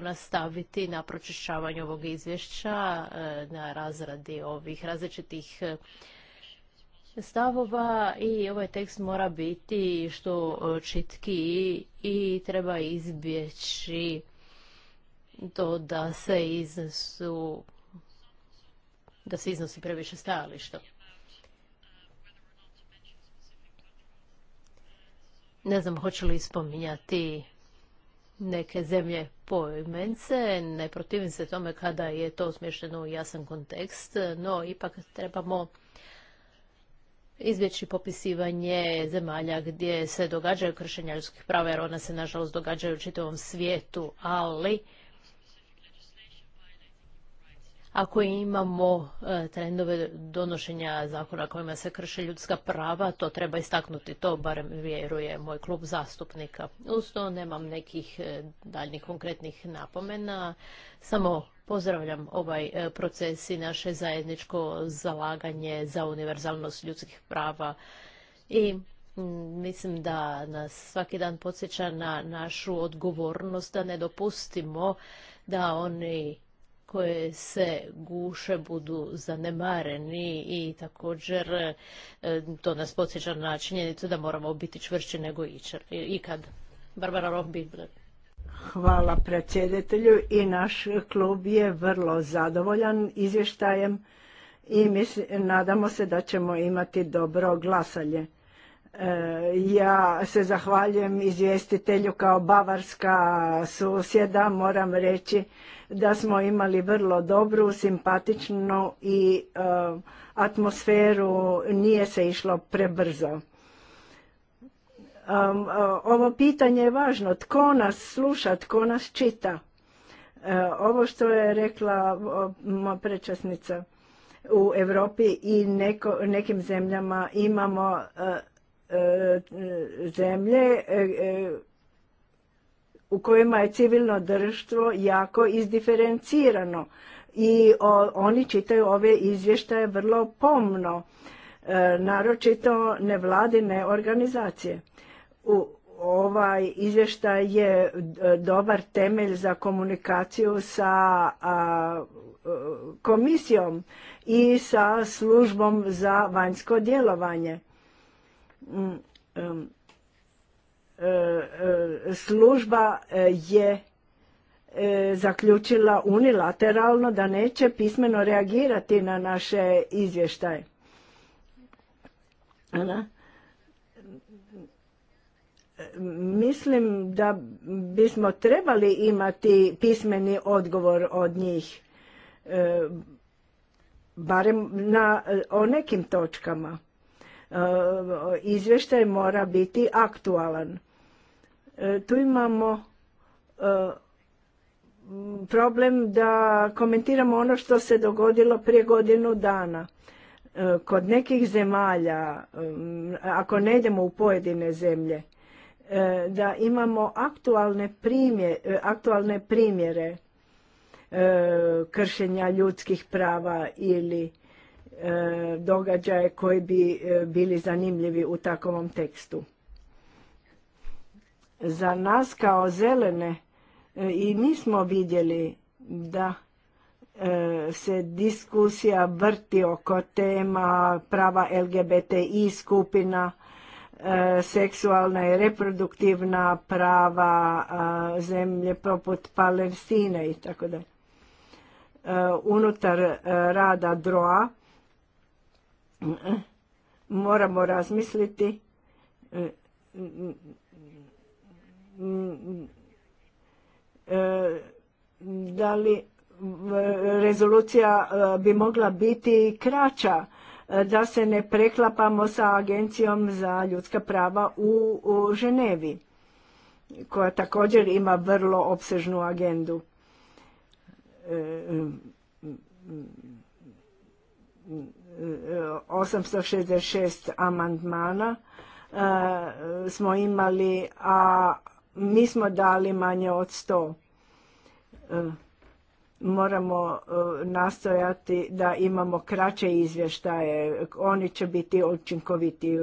nastaviti na pročišćavanju ovog izvješća, e, na razradi ovih različitih e, stavova i ovaj tekst mora biti što e, čitki i treba izbjeći to da se iznesu da se iznosi previše stajališta. Ne znam hoće li spominjati neke zemlje poimence. Ne protivim se tome kada je to smješteno u jasan kontekst, no ipak trebamo izbjeći popisivanje zemalja gdje se događaju kršenja ljudskih prava, jer ona se nažalost događaju u čitavom svijetu, ali ako imamo e, trendove donošenja zakona kojima se krše ljudska prava, to treba istaknuti, to barem vjeruje moj klub zastupnika. Uz to nemam nekih e, daljnjih konkretnih napomena, samo pozdravljam ovaj e, proces i naše zajedničko zalaganje za univerzalnost ljudskih prava i mislim da nas svaki dan podsjeća na našu odgovornost da ne dopustimo da oni koje se guše budu zanemareni i također e, to nas podsjeća na činjenicu da moramo biti čvršći nego ičer, ikad. Barbara Hvala predsjedatelju i naš klub je vrlo zadovoljan izvještajem i nadamo se da ćemo imati dobro glasanje. E, ja se zahvaljujem izvjestitelju kao bavarska susjeda. Moram reći da smo imali vrlo dobru, simpatičnu i e, atmosferu. Nije se išlo prebrzo. Um, e, ovo pitanje je važno. Tko nas sluša, tko nas čita? ovo što je rekla moja prečasnica u Europi i nekim zemljama imamo E, zemlje e, e, u kojima je civilno društvo jako izdiferencirano i oni čitaju ove izvještaje vrlo pomno, naročito nevladine organizacije. ovaj izvještaj je dobar temelj za komunikaciju sa komisijom i sa službom za vanjsko djelovanje E, e, služba e, je zaključila unilateralno da neće pismeno reagirati na naše izvještaje. Mislim da bismo trebali imati pismeni odgovor od njih, barem na, o nekim točkama. E, izvještaj mora biti aktualan. E, tu imamo e, problem da komentiramo ono što se dogodilo prije godinu dana. Kod nekih zemalja, ako ne idemo u pojedine zemlje, da imamo aktualne, primje, aktualne primjere kršenja ljudskih prava ili E, događaje koji bi e, bili zanimljivi u takvom tekstu. Za nas kao zelene e, i mi smo vidjeli da se diskusija vrti oko tema prava LGBTI skupina, seksualna i reproduktivna prava zemlje poput Palestine i tako dalje. Unutar rada DROA moramo razmisliti e, e, da li e, rezolucija bi mogla biti kraća da se ne preklapamo sa agencijom za ljudska prava u, Ženevi koja također ima vrlo obsežnu agendu. E, 866 amandmana e, smo imali, a mi smo dali manje od 100. E, moramo e, nastojati da imamo kraće izvještaje, oni će biti učinkoviti.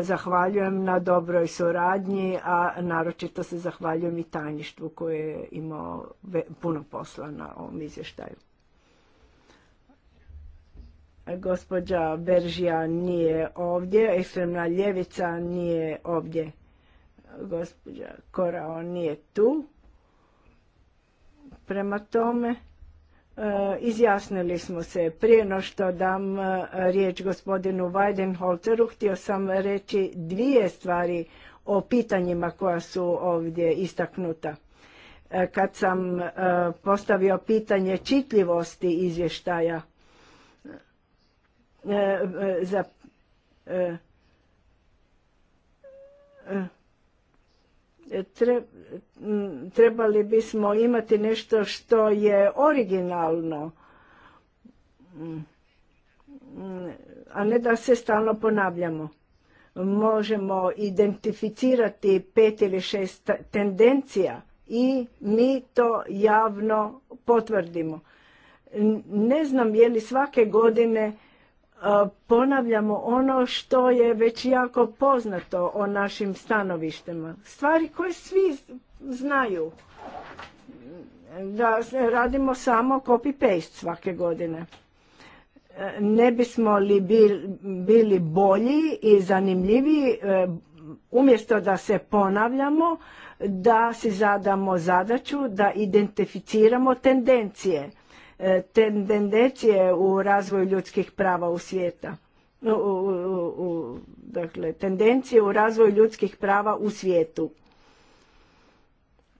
Zahvaljujem na dobroj suradnji, a naročito se zahvaljujem i tajništvu koje je imao puno posla na ovom izvještaju. Gospođa Beržija nije ovdje, ekstremna ljevica nije ovdje. Gospođa Korao nije tu. Prema tome, e, izjasnili smo se. Prije no što dam e, riječ gospodinu Weidenholteru, htio sam reći dvije stvari o pitanjima koja su ovdje istaknuta. E, kad sam postavio pitanje čitljivosti izvještaja, E, e, za e, trebali bismo imati nešto što je originalno a ne da se stalno ponavljamo možemo identificirati pet ili šest tendencija i mi to javno potvrdimo ne znam je li svake godine ponavljamo ono što je već jako poznato o našim stanovištima. Stvari koje svi znaju. Da radimo samo copy-paste svake godine. E, ne bismo li bili bolji i zanimljiviji e, umjesto da se ponavljamo, da si zadamo zadaću, da identificiramo tendencije E, tendencije u razvoju ljudskih prava u svijetu. dakle, tendencije u razvoju ljudskih prava u svijetu.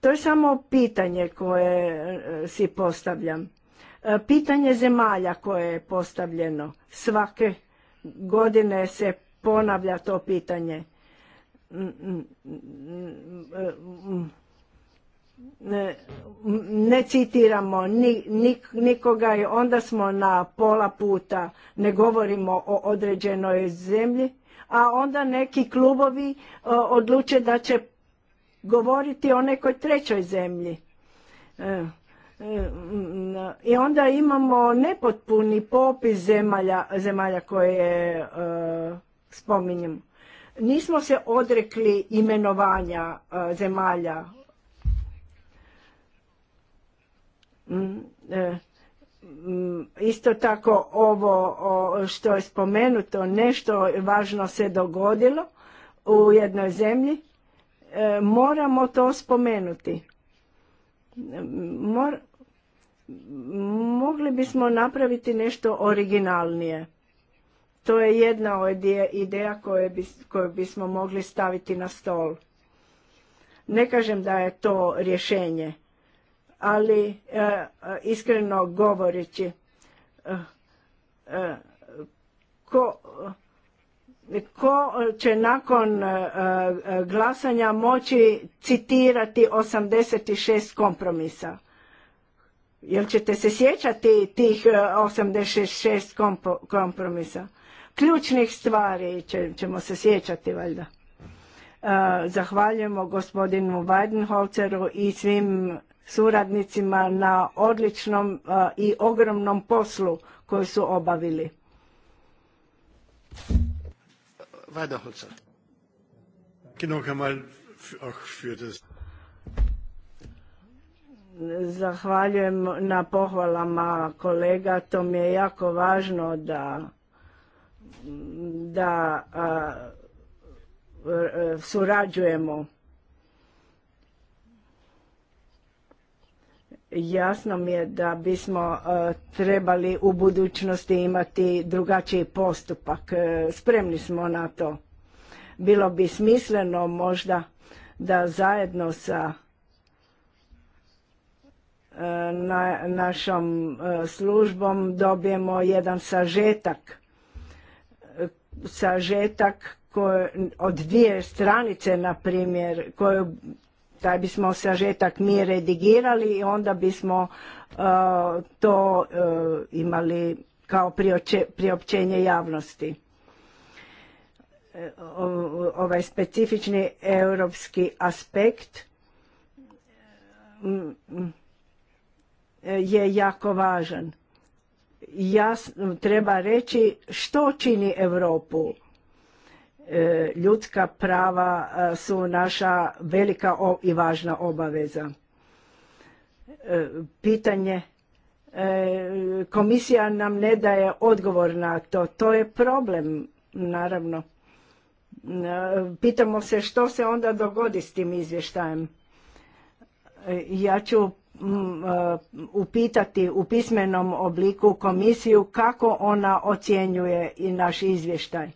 To je samo pitanje koje e, si postavljam. E, pitanje zemalja koje je postavljeno. Svake godine se ponavlja to pitanje. Mm, mm, mm, ne citiramo nikoga i onda smo na pola puta, ne govorimo o određenoj zemlji, a onda neki klubovi e, odluče da će govoriti o nekoj trećoj zemlji. E, e, I onda imamo nepotpuni popis zemalja, zemalja koje spominjem. Nismo se odrekli imenovanja zemalja Mm, e, mm, isto tako ovo što je spomenuto, nešto važno se dogodilo u jednoj zemlji, e, moramo to spomenuti. mogli bismo napraviti nešto originalnije. To je jedna od ideja koju bismo mogli staviti na stol. Ne kažem da je to rješenje, ali e, e, iskreno govoreći e, ko ko će nakon glasanja moći citirati 86 kompromisa? Jel ćete se sjećati tih 86 kompromisa? Ključnih stvari ćemo se sjećati valjda. Zahvaljujemo gospodinu Weidenholzeru i svim suradnicima na odličnom e, i ogromnom poslu koji su obavili. Zahvaljujem na pohvalama kolega, to mi je jako važno da, da e, surađujemo Jasno mi je da bismo e, trebali u budućnosti imati drugačiji postupak. E, spremni smo na to. Bilo bi smisleno možda da zajedno sa e, na našom službom dobijemo jedan sažetak sažetak koje, od dvije stranice na primjer koju taj bismo sažetak mi redigirali i onda bismo e, to e, imali kao priopćenje javnosti e, ovaj specifični europski aspekt mm, mm, je jako važan. Jasno treba reći što čini Europu E, ljudska prava e, su naša velika i važna obaveza. E, pitanje komisija nam ne daje odgovor na to. To je problem, naravno. Pitamo se što se onda dogodi s tim izvještajem. Ja ću upitati u pismenom obliku komisiju kako ona ocjenjuje i naš izvještaj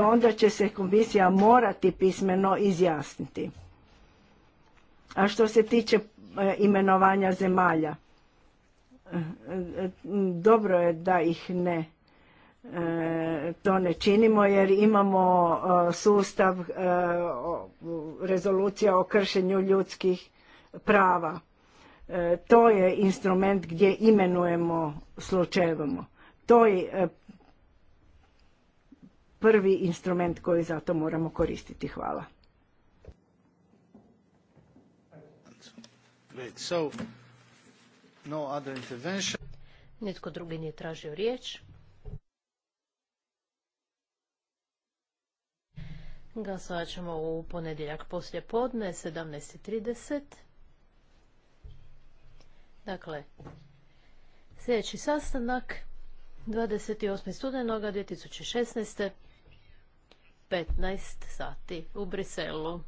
onda će se komisija morati pismeno izjasniti. A što se tiče e, imenovanja zemalja, e, e, dobro je da ih ne to ne činimo jer imamo sustav rezolucija o kršenju ljudskih prava. To je instrument gdje imenujemo slučajevamo. To je prvi instrument koji za to moramo koristiti. Hvala. Nitko drugi nije tražio riječ. Glasovat ćemo u ponedjeljak poslje podne, 17.30. Dakle, sljedeći sastanak 28. studenoga 2016. 15 sati u Briselu.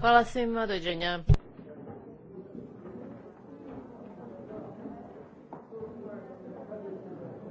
Hvala svima, dođenja.